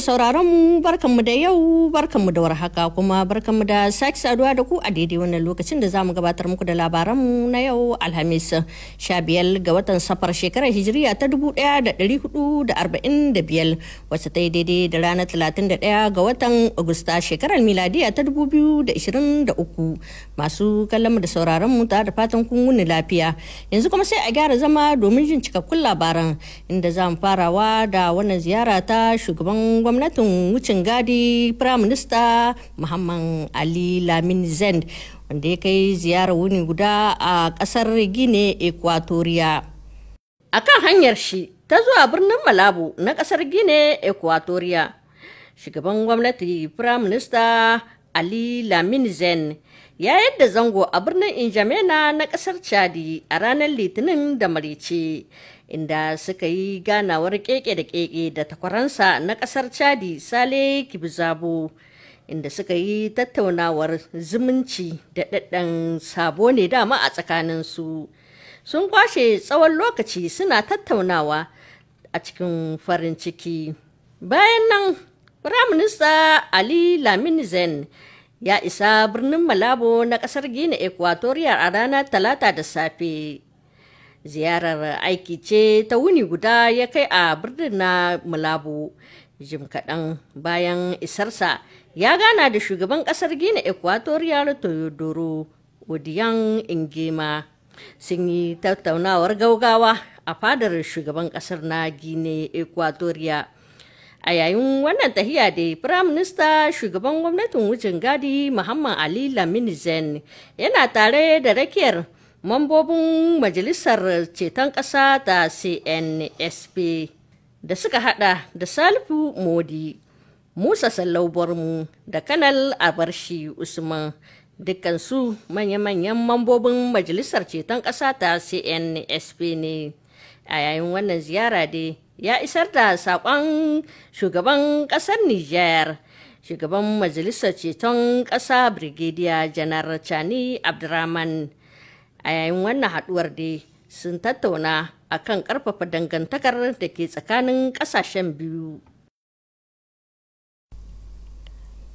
da sauraron mu barkanmu da yau barkanmu da warhaka kuma barkanmu da sake saduwa da ku a daidai wannan lokacin da zamu gabatar muku da labaranmu na yau Alhamis biyar ga watan safar shekarar Hijiriya ta biyar wacce ta yi daidai da ranar daya ga watan Agusta shekarar miladiya ta uku masu kallon da sauraron mu da fatan kun wuni lafiya yanzu kuma sai a gyara zama domin jin cikakkun labaran inda zamu farawa da wannan ziyara ta shugaban gwamnatin wucin gadi prime minister muhammad ali lamin zend wanda ya kai ziyarar wuni guda a kasar gine equatoria a kan hanyar shi ta zuwa birnin malabo na kasar gine equatoria shugaban gwamnati prime minister ali lamin zend ya yadda zango a birnin injamena na kasar chadi a ranar litinin da marice inda suka yi ganawar keke da keke da takwaransa na kasar chadi sale kibzabo inda suka yi tattaunawar zumunci da ɗaɗɗan sabo ne dama a tsakaninsu sun kwashe tsawon lokaci suna tattaunawa a cikin farin ciki bayan nan firaminista ali lamini zen ya isa birnin malabo na ƙasar gina equatorial a ranar talata da safe ziyarar aiki ce ta wuni guda ya kai a birnin na mulabu jim kaɗan bayan isarsa ya gana da shugaban ƙasar gina equatorial toyodoro odiyan ingema sun yi tattaunawar gaugawa a fadar shugaban ƙasar na gine equatoria a yayin wannan tahiya da firayim minista shugaban gwamnatin wucin gadi muhammad ali lamini zen yana tare da rakiyar mambobin majalisar ceton ƙasa ta cnsp da suka hada da salifu modi musa sallau mu da kanal abarshi usman dukkansu manya-manyan mambobin majalisar ceton ƙasa ta cnsp ne a yayin wannan ziyara dai ya isar da saƙon shugaban ƙasar niger shugaban majalisar ceton ƙasa brigadier janar chani abdurrahman a yayin wannan haduwar dai sun tattauna a kan karfafa dangantakar da ke tsakanin kasashen biyu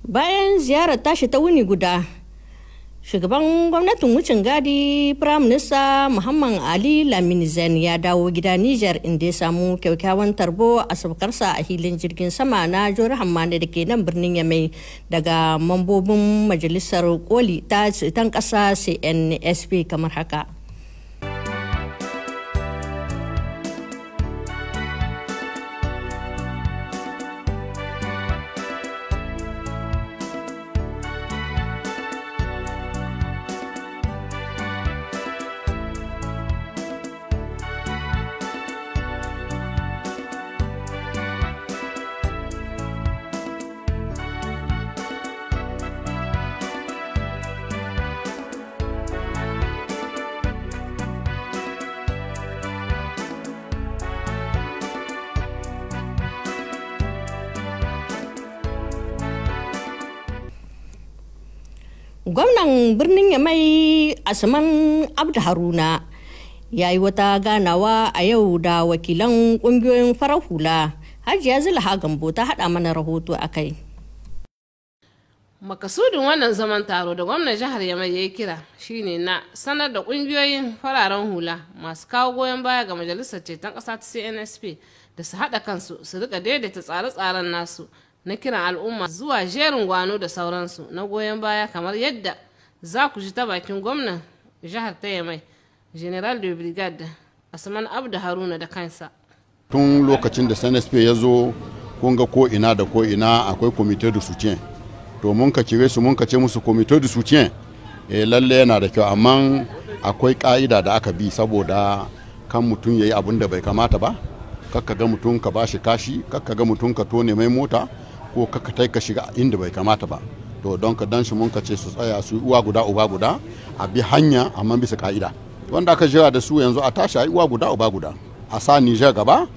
bayan ziyarar tashi ta wuni guda shugaban gwamnatin wucin gadi firaminista muhammad ali lamini zain ya dawo gida niger inda ya samu kyaukyawan tarbo a sabkarsa a hilin jirgin sama na jihar hamani da ke nan birnin yamai daga mambobin majalisar koli ta tsitan kasa cnsp kamar haka gwamnan birnin yamai Asaman abda haruna ya yi wata ganawa a yau da wakilan kungiyoyin farar hula hajiya zulaha gambo ta haɗa mana rahoto a kai makasudin wannan zaman taro da gwamnan jihar yamai ya yi kira shine na sanar da kungiyoyin fararen hula masu kawo goyon baya ga majalisar ceton ƙasa ta cnsp da su haɗa kansu su rika daidaita tsare-tsaren nasu na kiran al'umma zuwa jerin gwano da sauransu na goyon baya kamar yadda za ku ji ta bakin gwamnan jihar ta yamai general de brigade asman abdu haruna da kansa tun lokacin da sanespe ya zo kun ga ko ina da ko ina akwai komite da soutien to mun ka kire su mun ka ce musu komite da soutien e lalle yana da kyau amma akwai ka'ida da aka bi saboda kan mutum ya yi abin da bai kamata ba kakka ga mutum ka bashi kashi kakka ga mutum ka tone mai mota ko ka kai ka shiga inda bai kamata ba to don ka dan mun ka ce su tsaya su uwa guda uba guda a bi hanya amma bisa ka'ida wanda aka jira da su yanzu a tashi a uwa guda uba guda a sa Niger gaba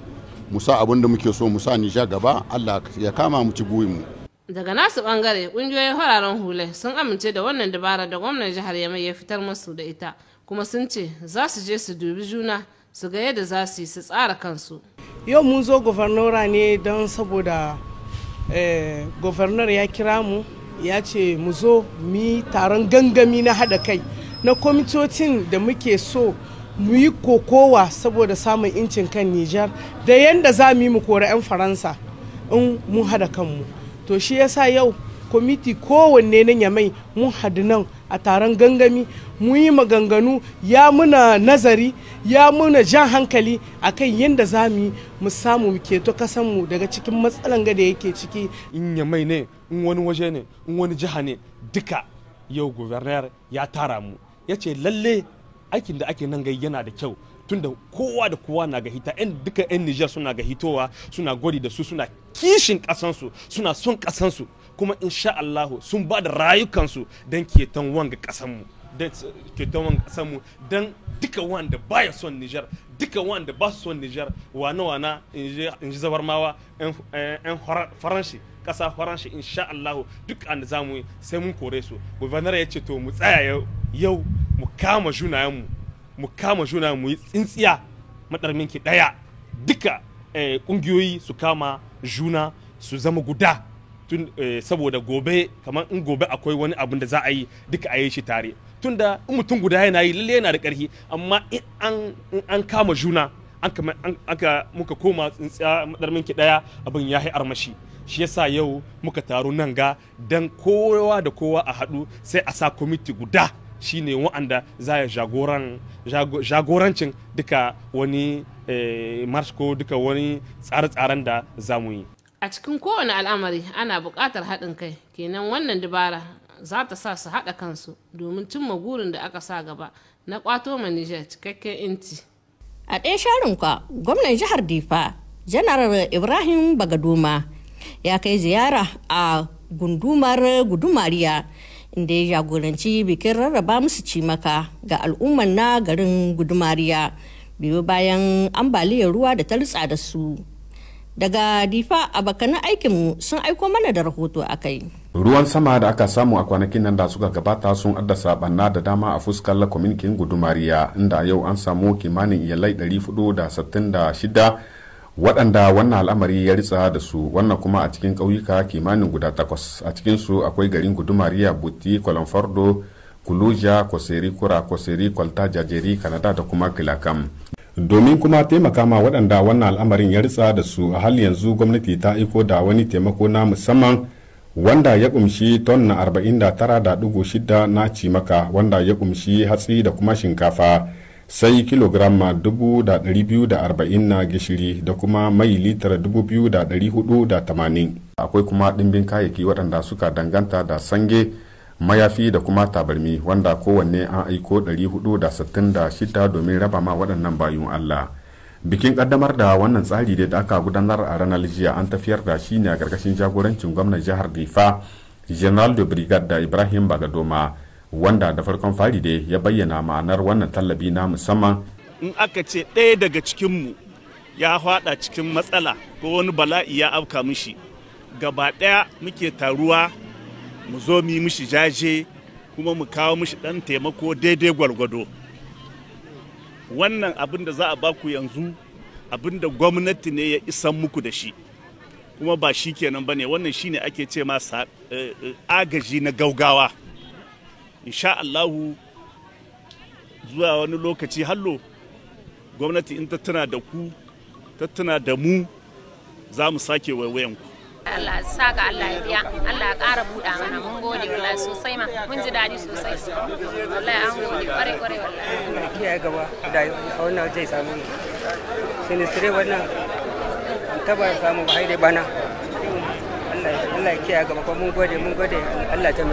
mu sa muke so mu sa Niger gaba Allah ya kama mu ci buyin mu daga nasu bangare kungiyoyin hararen hula sun amince da wannan dabara da gwamnan jihar yamai ya fitar musu da ita kuma sun ce za su je su dubi juna su ga yadda za su yi su tsara kansu yau mun zo gwamnora ne don saboda Eh, gwamnar ya kira mu ya ce mu zo mu yi taron gangami na haɗa kai na kwamitocin da muke so mu yi kokowa saboda samun incin kan Nijar da yadda za mu yi mu kori 'yan Faransa in mun haɗa kanmu. To shi yasa yau kwamiti kowanne na yamai mun haɗu nan a taron gangami mu yi maganganu ya muna nazari ya muna jan hankali akan yadda za mu yi mu samu mu keto kasanmu daga cikin matsalan da yake ciki in ya mai ne in wani waje ne in wani jiha ne duka yau gobernar ya tara mu ya ce lalle aikin da ake nan gai yana da kyau tunda kowa da kowa na ga hita yan duka yan Niger suna ga hitowa suna gwadi da su suna kishin kasansu suna son kasansu kuma insha Allahu sun ba da rayukansu don keton wanga kasanmu keton wanga kasanmu don duka wanda baya son Niger duka wanda ba su son Niger wana wana in ji zabarmawa yan faranshi kasa faranshi insha Allahu duk an zamu sai mun kore su gwamnati ya ce to mu tsaya yau mu kama junayenmu mu kama juna mu yi tsintsiya madarminki ɗaya duka kungiyoyi eh, su kama juna su zama guda tun eh, saboda gobe kamar in gobe akwai wani abin da za a yi duka a yi shi tare tunda in mutum guda yana yi lalle yana da ƙarfi amma in an kama juna an kama aka muka koma tsintsiya madarminki ɗaya abin ya yi armashi shi yasa yau muka taru nan ga dan kowa da kowa a haɗu sai a sa kwamiti guda shine wa'anda za a jagorancin duka wani eh, march ko duka wani tsare-tsaren da za mu yi a cikin kowane al'amari ana buƙatar haɗin kai kenan wannan dabara za ta sa su haɗa kansu domin cimma gurin da aka sa gaba na kwato ma Nijar cikakken inci. A ɗaya sharin kwa gwamnan jihar Difa, Janaral Ibrahim Bagaduma ya kai ziyara a gundumar gudumariya inda ya jagoranci bikin rarraba musu cimaka ga al'ummar na garin gudumariya biyu bayan ambaliyar ruwa da ta rutsa da su daga difa abokanan aikinmu sun aiko mana da rahoto a kai ruwan sama da aka samu a kwanakin nan da suka gabata sun addasa banna da dama a fuskar kwamitin gudumariya inda yau an samu kimanin iyalai 466 waɗanda wannan al'amari ya ritsa da su wannan kuma a cikin ƙauyuka kimanin guda takwas a cikin su akwai garin gudumariya buti kwalamfardo kuluja kwaseri kura kwaseri kwalta jajeri kanada da kuma kilakam domin kuma taimaka ma waɗanda wannan al'amarin ya ritsa da su a hal yanzu gwamnati ta iko da wani taimako na musamman wanda ya kumshi tonna 49.6 na cimaka wanda ya kumshi hatsi da kuma shinkafa sai kilogramma 240 na gishiri da kuma mai litar 2480 akwai kuma ɗimbin kayayyaki waɗanda suka danganta da sange mayafi da kuma tabarmi wanda kowanne an aiko 466 domin raba ma waɗannan bayun Allah bikin kaddamar da wannan tsari da aka gudanar a ranar jiya an tafiyar da shi ne a jagorancin gwamnan jihar difa general de brigade da ibrahim bagadoma wanda da farkon fari dai ya bayyana ma'anar wannan tallabi na musamman in aka ce ɗaya daga cikinmu ya faɗa cikin matsala ko wani bala'i ya afka mishi gaba ɗaya muke taruwa mu zo mu yi mishi jaje kuma mu kawo mishi ɗan taimako daidai gwargwado wannan abin da za a baku yanzu abin da gwamnati ne ya isan muku da shi kuma ba shi kenan ba ne wannan shine ake ce masa eh, eh, agaji na gaugawa insha Allahu zuwa wani lokaci hallo gwamnati in tattuna da ku tattuna da mu za mu sake waiwayan ku Allah sa ga Allah ya Allah ya ƙara buɗa mana mun gode wallahi sosai ma mun ji daɗi sosai ya an ni ƙware ƙware wallahi ya gaba da wannan zai samu ne sinistire wannan an taba samu ba haide bana Allah ya kiyaye makon mun gode mun gode Allah ta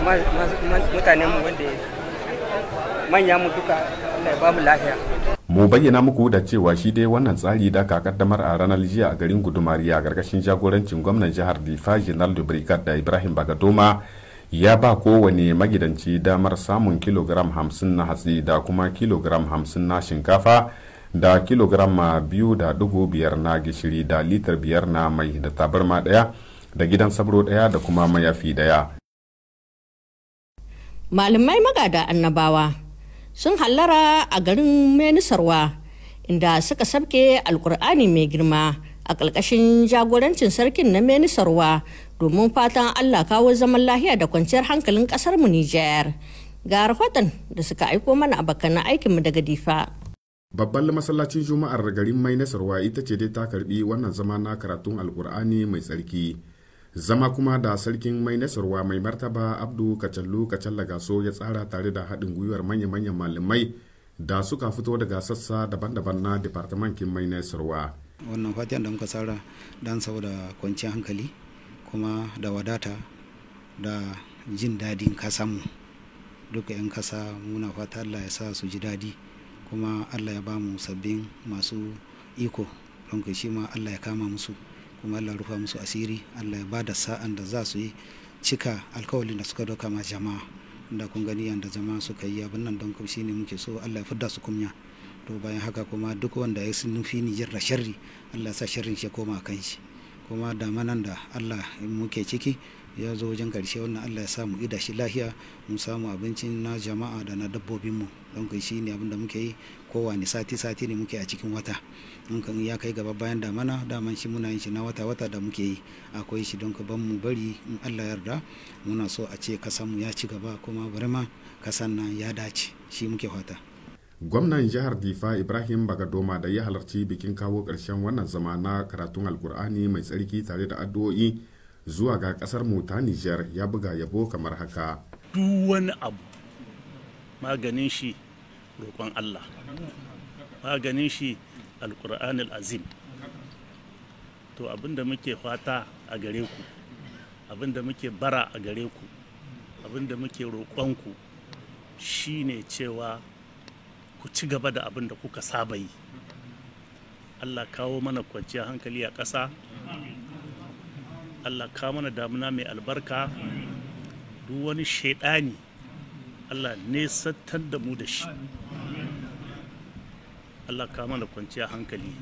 mai mutanen mu wanda manya mu duka Allah ya ba mu lafiya mu bayyana muku da cewa shi dai wannan tsari da aka kaddamar a ranar jiya a garin gudumari gargashin jagorancin gwamnan jihar difa general Dubrika da ibrahim bagadoma ya ba kowane magidanci damar samun kilogram 50 na hatsi da kuma kilogram 50 na shinkafa da kilogram biyu da biyar na gishiri da litar biyar na mai da tabarma daya da gidan sabro daya da kuma mayafi daya. Malamai magada annabawa sun hallara a garin Menisarwa inda suka sabke alkur'ani mai girma a ƙarƙashin jagorancin sarkin na Menisarwa domin fatan Allah kawo zaman lahiya da kwanciyar hankalin ƙasarmu Nijar. Ga rahoton da suka aiko mana a abokanan aikinmu daga Difa. babban masallacin juma'ar garin mai nasarwa ita ce dai ta karbi wannan zama na karatun alkur'ani mai tsarki zama kuma da sarkin mai nasarwa mai martaba abdu kacallu kacalla gaso ya tsara tare da haɗin gwiwar manya-manyan malamai da suka fito daga sassa daban-daban na departamentin mai nasarwa wannan fatiyan da muka tsara dan saboda kwanciyar hankali kuma da wadata da jin dadin mu duka 'yan kasa muna fata allah ya sa su ji daɗi kuma allah ya ba mu sabbin masu iko don shi ma allah ya kama musu kuma Allah rufa musu asiri Allah ya bada sa'an da za su yi cika alkawalin da suka doka ma jama'a da kun gani yadda jama'a suka yi abin nan don shi ne muke so Allah ya fidda su kunya to bayan haka kuma duk wanda ya sun nufi ni da sharri Allah ya sa sharrin shi koma kan shi kuma da manan da Allah muke ciki ya zo wajen karshe wannan allah ya samu ida shi lahiya mun samu abincin na jama'a da na dabbobinmu don kai shi ne abin da muke yi kowane sati sati ne muke a cikin wata in kan ya kai gaba bayan da damana daman shi muna yin shi na wata wata da muke yi akwai shi don ka ban mu bari in allah yarda muna so a ce kasan mu ya ci gaba kuma bari ma kasan nan ya dace shi muke fata gwamnan jihar difa ibrahim bagadoma da ya halarci bikin kawo ƙarshen wannan zama na karatun alkur'ani mai tsarki tare da addu'o'i zuwa ga kasar mota ta Nijar ya buga yabo kamar haka. Duk wani abu maganin shi roƙon Allah, maganin shi alƙur'anil azim. To abinda muke fata a gare ku, abinda muke bara a gare ku, abinda muke roƙonku shi ne cewa ku ci gaba da abin da kuka saba yi. Allah kawo mana kwanciyar hankali a ƙasa. Allah ka mana damuna mai albarka duk wani shaidani Allah nesantar da mu da shi Allah ka mana kwanciya hankali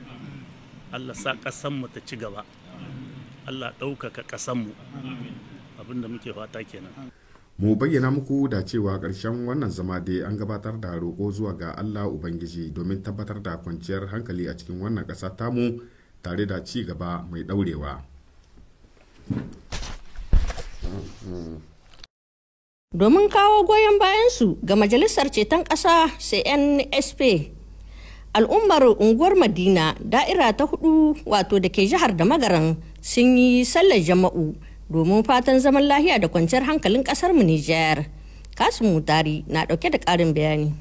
Allah sa mu ta ci gaba Allah ɗaukaka ƙasanmu abinda muke fata kenan mu bayyana muku da cewa ƙarshen wannan zama dai an gabatar da roƙo zuwa ga Allah Ubangiji domin tabbatar da kwanciyar hankali a cikin wannan ƙasa tamu tare da ci gaba mai ɗaurewa. domin kawo goyon bayansu ga majalisar ceton ƙasa cnsp al'ummar unguwar madina da'ira ta hudu wato da ke jihar da magaran sun yi sallar jama'u domin fatan zaman lahiya da kwanciyar hankalin ƙasarmu mu nijar kasim mutari na ɗauke da ƙarin bayani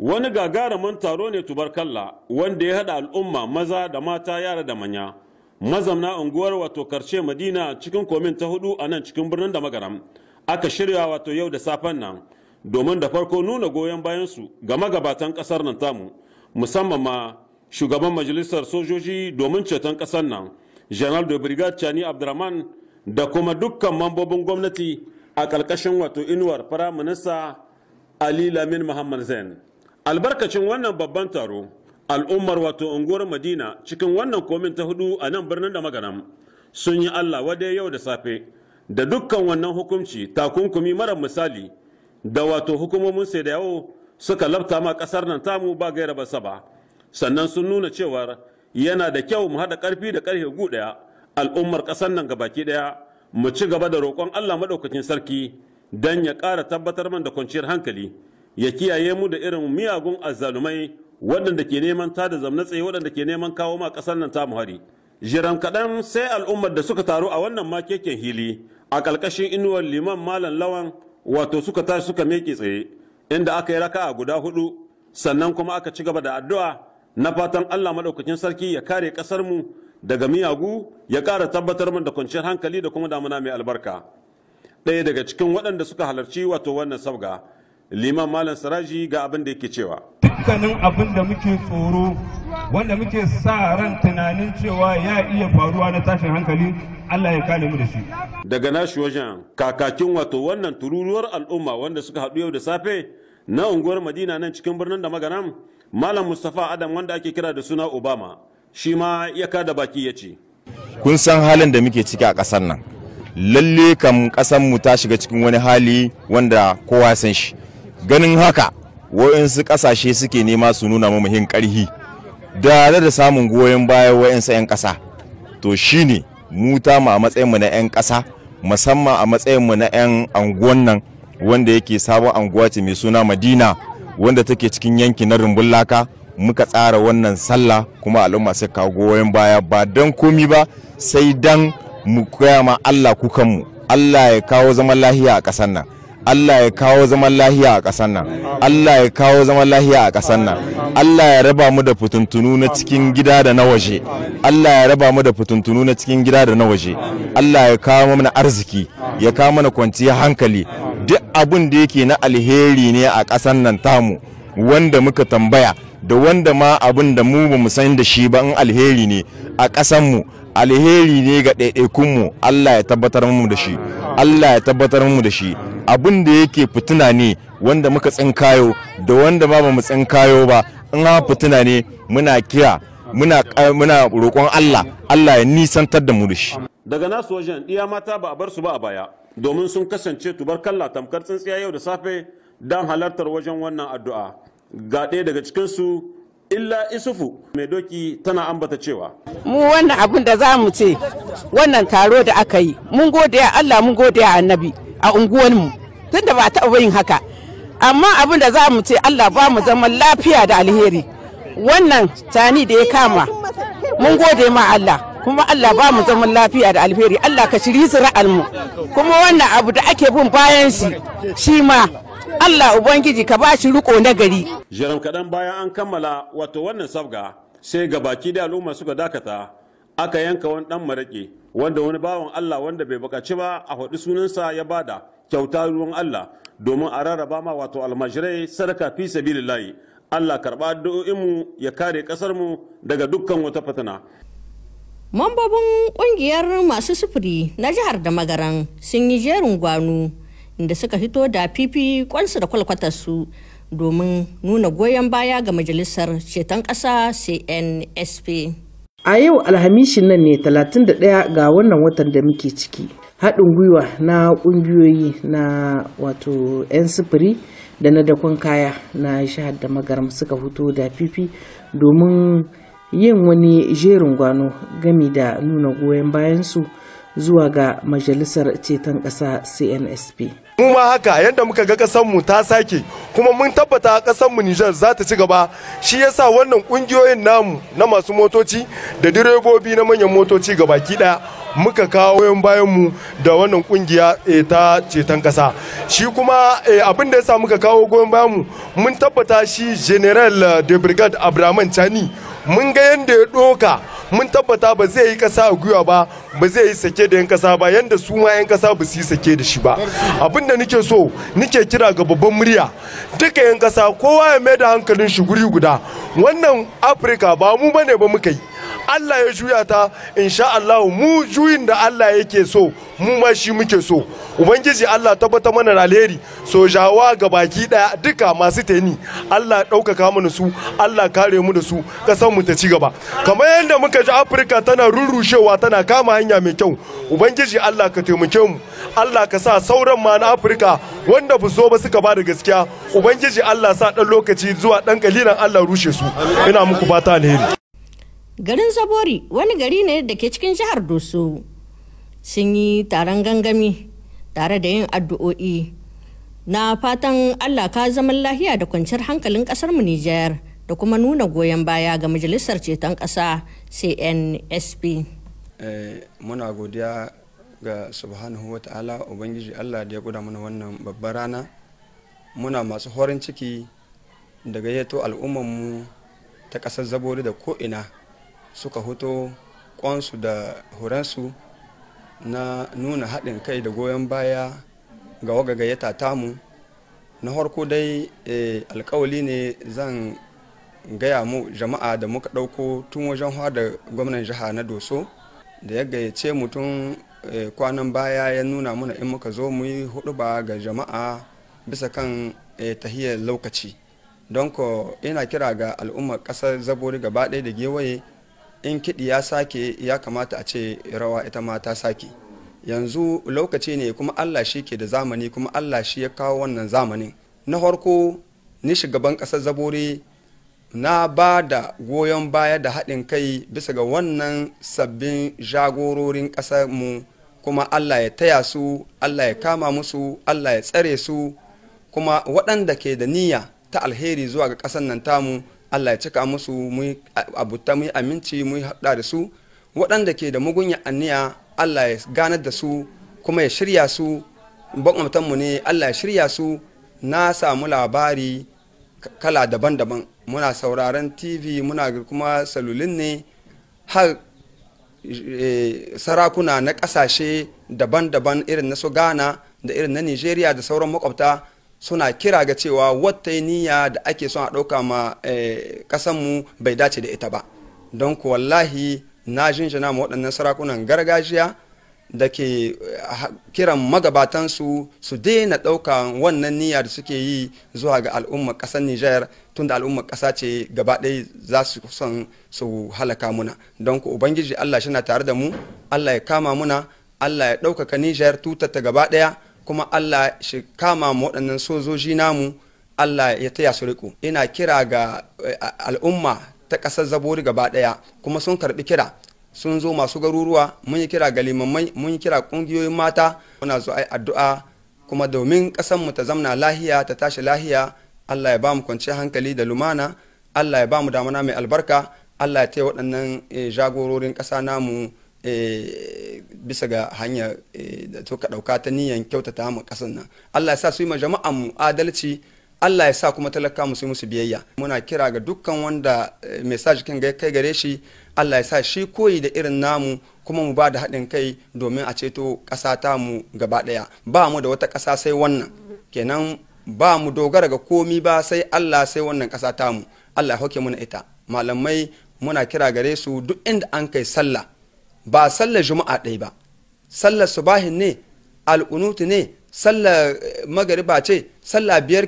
wani gagarumin taro ne tubarkalla wanda ya haɗa al'umma maza da mata yara da manya mazamna unguwar wato karce madina cikin komin ta hudu a nan cikin birnin da magaram aka shirya wato yau da safen nan domin da farko nuna goyon bayansu ga magabatan kasar nan tamu musamman ma shugaban majalisar sojoji domin ceton kasar nan general de brigade chani abdurrahman da kuma dukkan mambobin gwamnati a ƙarƙashin wato inuwar firaminista ali lamin muhammad zain albarkacin wannan babban taro al'ummar wato unguwar madina cikin wannan komin ta hudu a nan birnin da magaram sun yi allah wade yau da safe da dukkan wannan hukunci takunkumi mara misali da wato hukumomin sai da yawo suka labta ma kasar nan tamu ba gaira ba saba sannan sun nuna cewar yana da kyau mu haɗa ƙarfi da ƙarfe gu ɗaya al'ummar ƙasar nan gabaki ɗaya mu ci gaba da roƙon allah maɗaukacin sarki don ya ƙara tabbatar man da kwanciyar hankali ya kiyaye mu da irin miyagun azzalumai waɗanda ke neman da zamna tsaye waɗanda ke neman kawo ma ƙasar nan ta muhari. jiran kaɗan sai al'ummar da suka taru a wannan makeken hili a ƙarƙashin inuwar liman malam lawan wato suka tashi suka meke tsaye inda aka yi raka a guda hudu sannan kuma aka ci gaba da addu'a na fatan Allah maɗaukacin sarki ya kare ƙasar mu daga miyagu ya ƙara tabbatar mu da kwanciyar hankali da kuma damuna mai albarka ɗaya daga cikin waɗanda suka halarci wato wannan sabga liman malam saraji ga abin da yake cewa dukkanin abin da muke tsoro wanda muke sa ran tunanin cewa ya iya faruwa na tashin hankali Allah ya kare mu da shi daga nashi wajen kakakin wato wannan tururuwar al'umma wanda suka haɗu yau da safe na unguwar madina nan cikin birnin da magana, malam mustapha adam wanda ake kira da suna obama shi ma ya da baki ya ce kun san halin da muke ciki a ƙasar nan lalle kam ƙasar mu ta shiga cikin wani hali wanda kowa san shi ganin haka wa'insu ƙasashe suke nema su nuna mu muhim ƙarhi da da samun goyon bayan wa'insu 'yan ƙasa to shine mu mu a matsayinmu na 'yan ƙasa musamman a matsayinmu na 'yan anguwan nan wanda yake sabon anguwa ce mai suna madina wanda take cikin yankin na rumbun laka muka tsara wannan sallah kuma al'umma sai kawo goyon baya ba dan komi ba sai dan mu koya ma allah kukanmu allah ya kawo zaman lahiya a ƙasar nan Allah ya kawo zaman lahiya a ƙasar nan Allah ya kawo zaman lahiya a ƙasar nan Allah ya raba mu da fituntunu na cikin gida da na waje Allah ya raba mu da fituntunu na cikin gida da na waje Allah ya kawo mana arziki ya kawo mana kwanciyar hankali duk abin da yake na alheri ne a ƙasar nan tamu wanda muka tambaya da wanda ma abin da mu ba san da shi ba in alheri ne a mu? alheri ne ga ɗaiɗaikunmu Allah ya tabbatar mu da shi Allah ya tabbatar mu da shi abin da yake fituna ne wanda muka tsinkayo da wanda ba mu tsinkayo ba in ha fituna ne muna kira muna muna roƙon Allah Allah ya nisantar da mu da shi daga nasu wajen iya mata ba a bar su ba a baya domin sun kasance tubarkalla tamkar tsintsiya yau da safe dan halartar wajen wannan addu'a ga ɗaya daga cikin su illa isufu mai doki tana ambata cewa mu wannan abin da za mu ce wannan taro da aka yi mun gode ya Allah mun gode ya annabi a unguwanmu tunda ba taɓa yin haka amma abin da za mu ce Allah ba mu zaman lafiya da alheri wannan tani da ya kama mun gode ma Allah kuma Allah ba mu zaman lafiya da alheri Allah ka shiri su mu kuma wannan abu da ake bin bayan shi shi ma Allah Ubangiji ka ba shi riko na gari. Jiran kaɗan bayan an kammala wato wannan sabga sai ga baki da al'umma suka dakata aka yanka wani ɗan maraƙi wanda wani bawan Allah wanda bai bukaci ba a haɗu sunansa ya bada kyauta ruwan Allah domin a rarraba ma wato almajirai sadaka fi sabilillahi Allah karɓa addu'o'inmu ya kare ƙasar mu daga dukkan wata fatana. Mambobin ƙungiyar masu sufuri na jihar da magaran sun yi jerin gwanu da suka hito da fifi kwansu da kwalkwatarsu domin nuna goyon baya ga majalisar ceton ƙasa cnsp a yau alhamishin nan ne 31 ga wannan watan da muke ciki haɗin gwiwa na ƙungiyoyi na wato 'yan sufuri da na dakon kaya na shahar da magaram suka fito da fifi domin yin wani jerin gwano gami da nuna goyon bayansu zuwa ga majalisar ceton ƙasa cnsp mu ma haka yadda muka ga mu ta sake kuma mun tabbata ƙasarmu Nijar za ta ci gaba shi yasa wannan ƙungiyoyin namu na masu motoci da direbobi na manyan motoci ga baki ɗaya muka kawo yan bayanmu da wannan ƙungiya eh, ta ceton ƙasa shi kuma eh, abin da yasa muka kawo goyon bayanmu mun tabbata shi general eh, de brigade abraman chani mun ga yadda ya ɗoka mun tabbata ba zai yi kasa a gwiwa ba ba zai yi sake da yan kasa ba yanda su ma yan kasa ba su yi sake da shi ba abinda da nake so nake kira ga babban murya duka yan kasa kowa ya mai da hankalin shi guri guda wannan afirka ba mu bane ba muka yi Allah ya juya ta insha Allah mu juyin da Allah yake so mu ma shi muke so ubangiji Allah tabbata mana alheri alheri sojawa ga baki daya duka masu teni Allah ɗaukaka mana su Allah kare mu da su kasan mu ta ci gaba kamar yadda muka ji Afirka tana rurrushewa tana kama hanya mai kyau ubangiji Allah ka taimake mu Allah ka sa sauran ma na Afirka wanda bu so ba suka ba da gaskiya ubangiji Allah sa dan lokaci zuwa dan kalilan Allah rushe su ina muku fata alheri garin zabori wani gari ne da ke cikin jihar doso sun yi taron gangami tare da yin addu'o'i na fatan allah ka zaman lahiya da kwanciyar hankalin kasar mu nijar da kuma nuna goyon baya ga majalisar ceton ƙasa cnsp eh, muna godiya ga subhanahu wa ta'ala ubangiji allah da ya guda mana wannan babbar rana muna masu horin ciki da gayyato al'ummanmu ta ƙasar zabori da ko'ina suka hoto kwansu da horansu na nuna haɗin kai da goyon baya ga wagagayyata tamu na harko dai eh, alkawali ne zan gaya mu jama'a da muka ɗauko tun wajen da gwamnan jiha na doso da ya gayyace mutum eh, kwanan baya ya nuna muna in muka zo mu yi hudu ba ga jama'a bisa kan eh, tahiyar lokaci don ko ina kira ga al'ummar ƙasar zabori gaba ɗaya da gewaye in kiɗi ya sake ya kamata a ce rawa ita ma ta sake yanzu lokaci ne kuma allah shi ke da zamani kuma allah shi ya kawo wannan zamanin na farko ni shugaban ƙasar zabori na ba da goyon baya da haɗin kai bisa ga wannan sabbin jagororin mu kuma allah ya taya su allah ya kama musu allah ya tsare su kuma waɗanda ke da niyya ta alheri zuwa ga ƙasar nan tamu allah ya cika musu mu abuta mu aminci mu haɗa da su waɗanda ke da mugunya aniya allah ya ganar da su kuma ya shirya su mu ne allah ya shirya su na samu labari kala daban-daban muna sauraron tv muna kuma salulin ne har eh, sarakuna na ƙasashe daban-daban irin na su ghana da irin na nigeria da sauran makwabta suna kira ga cewa wata niyya da ake son a ɗauka ma eh, ƙasanmu bai dace da ita ba don ku wallahi na jinjina ma waɗannan sarakunan gargajiya da ke eh, kiran magabatansu su daina ɗauka wannan niyya da suke yi zuwa ga al'ummar ƙasar Nijar da al'ummar ƙasa ce gaba ɗaya za su son su halaka muna don ku ubangiji Allah shi na tare da mu Allah ya kama muna Allah ya ɗaukaka Nijar tutar ta gaba ɗaya kuma Allah shi kama waɗannan sojoji namu Allah ya taya su riko ina kira ga eh, al'umma ta ƙasar zabori gaba ɗaya kuma sun karɓi kira sun zo masu garuruwa mun yi kira ga limammai mun yi kira ƙungiyoyin mata muna zo ai addu'a kuma domin mu ta zamna lahiya ta tashi lahiya Allah ya ba mu kwanciyar hankali da lumana Allah ya ba mu damana mai albarka Allah ya taya waɗannan eh, jagororin ƙasa namu Eh, bisa ga hanya eh, da to ka ɗauka ta niyan kyautata mu ƙasar nan Allah ya sa su yi ma mu adalci Allah ya sa kuma talaka mu su musu biyayya muna kira ga dukkan wanda eh, message kan kai gare shi Allah ya sa shi koyi da irin namu kuma mu ba da haɗin kai domin a ceto ƙasa ta mu gaba ɗaya ba mu da wata ƙasa sai wannan kenan ba mu dogara ga komi ba sai Allah sai wannan ƙasa ta mu Allah ya hauke muna ita malamai muna kira gare su duk inda an kai sallah ba sallar juma'a ɗai ba sallar subahin ne al'unutu ne sallar eh, magariba ce sallar biyar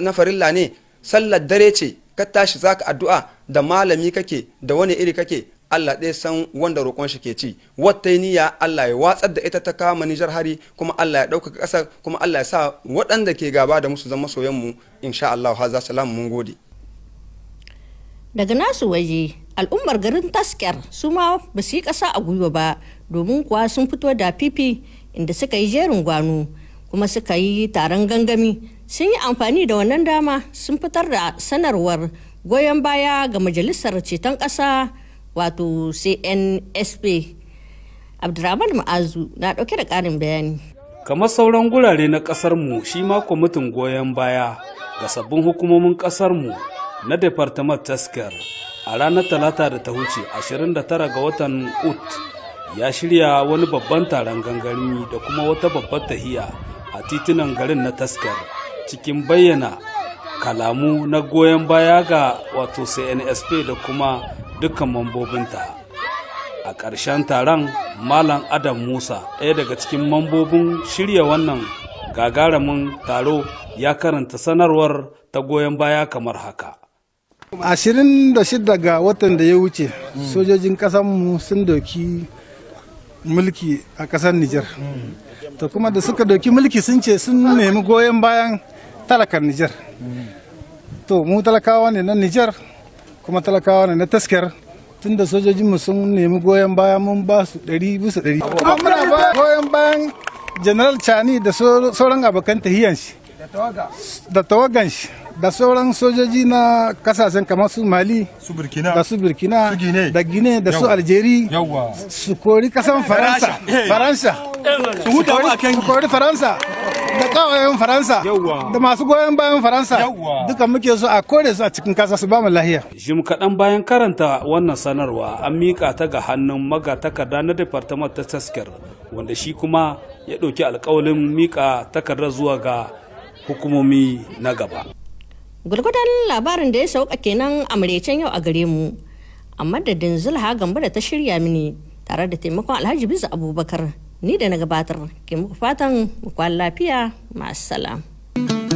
na farilla ne sallar dare ce ka tashi zaka addu'a da malami kake da wani iri kake Allah ɗaya san wanda roƙon shi ke ci wata niyya Allah ya watsar da ita ta kama Nijar hari kuma Allah ya ɗaukaka ƙasar kuma Allah ya sa waɗanda ke gaba da musu zama soyan mu insha Allah ha za salamu mun gode daga nasu waje al'ummar garin tasker su ma ba su yi ƙasa a gwiwa ba domin kuwa sun fito da fifi inda suka yi jerin gwano kuma suka yi taron gangami sun yi amfani da wannan dama sun fitar da sanarwar goyon baya ga majalisar ceton kasa wato cnsp abdurrahman ma'azu na dauke da ƙarin bayani kamar sauran gurare na kasarmu shi ma kwamitin goyon baya ga sabbin hukumomin mu na Departement Tasker a ranar Talata da ta wuce 29 ga watan Ut ya shirya wani babban taron gangarmi da kuma wata babbar tahiya a titunan garin na Tasker cikin bayyana kalamu na goyon baya ga wato CNSP da kuma dukkan mambobinta. A ƙarshen taron Malam Adam Musa ɗaya daga cikin mambobin shirya wannan gagaramin taro ya karanta sanarwar ta goyon baya kamar haka. ashirin da shida ga watan da ya wuce sojojin kasanmu sun doki mulki a kasar nijar to kuma da suka doki mulki sun ce sun nemi goyon bayan talakar nijar to mu talakawa ne na nijar kuma talakawa ne na taskiyar tun da sojojinmu sun nemi goyon bayan mun ba su ɗari bisa ɗari kuma muna ba goyon bayan general chani da sauran abokan tahiyan shi da tawagan shi da sauran sojoji na kasashen kamar su mali da su burkina da gine da su aljeri su kori kasan faransa faransa su kori faransa da kawayen faransa da masu goyon bayan faransa duka muke su a kore su a cikin kasa su bamu lahiya jim kaɗan bayan karanta wannan sanarwa an miƙa ta ga hannun magatakarda na departament ta tasker wanda shi kuma ya ɗauki alkawalin miƙa takardar zuwa ga hukumomi na gaba gwargwadon labarin da ya sauka kenan a maraicen yau a gare mu a madadin zulha gamba da ta shirya mini tare da taimakon alhaji bisa abubakar ni da na gabatar ke muku fatan mu lafiya masu salam.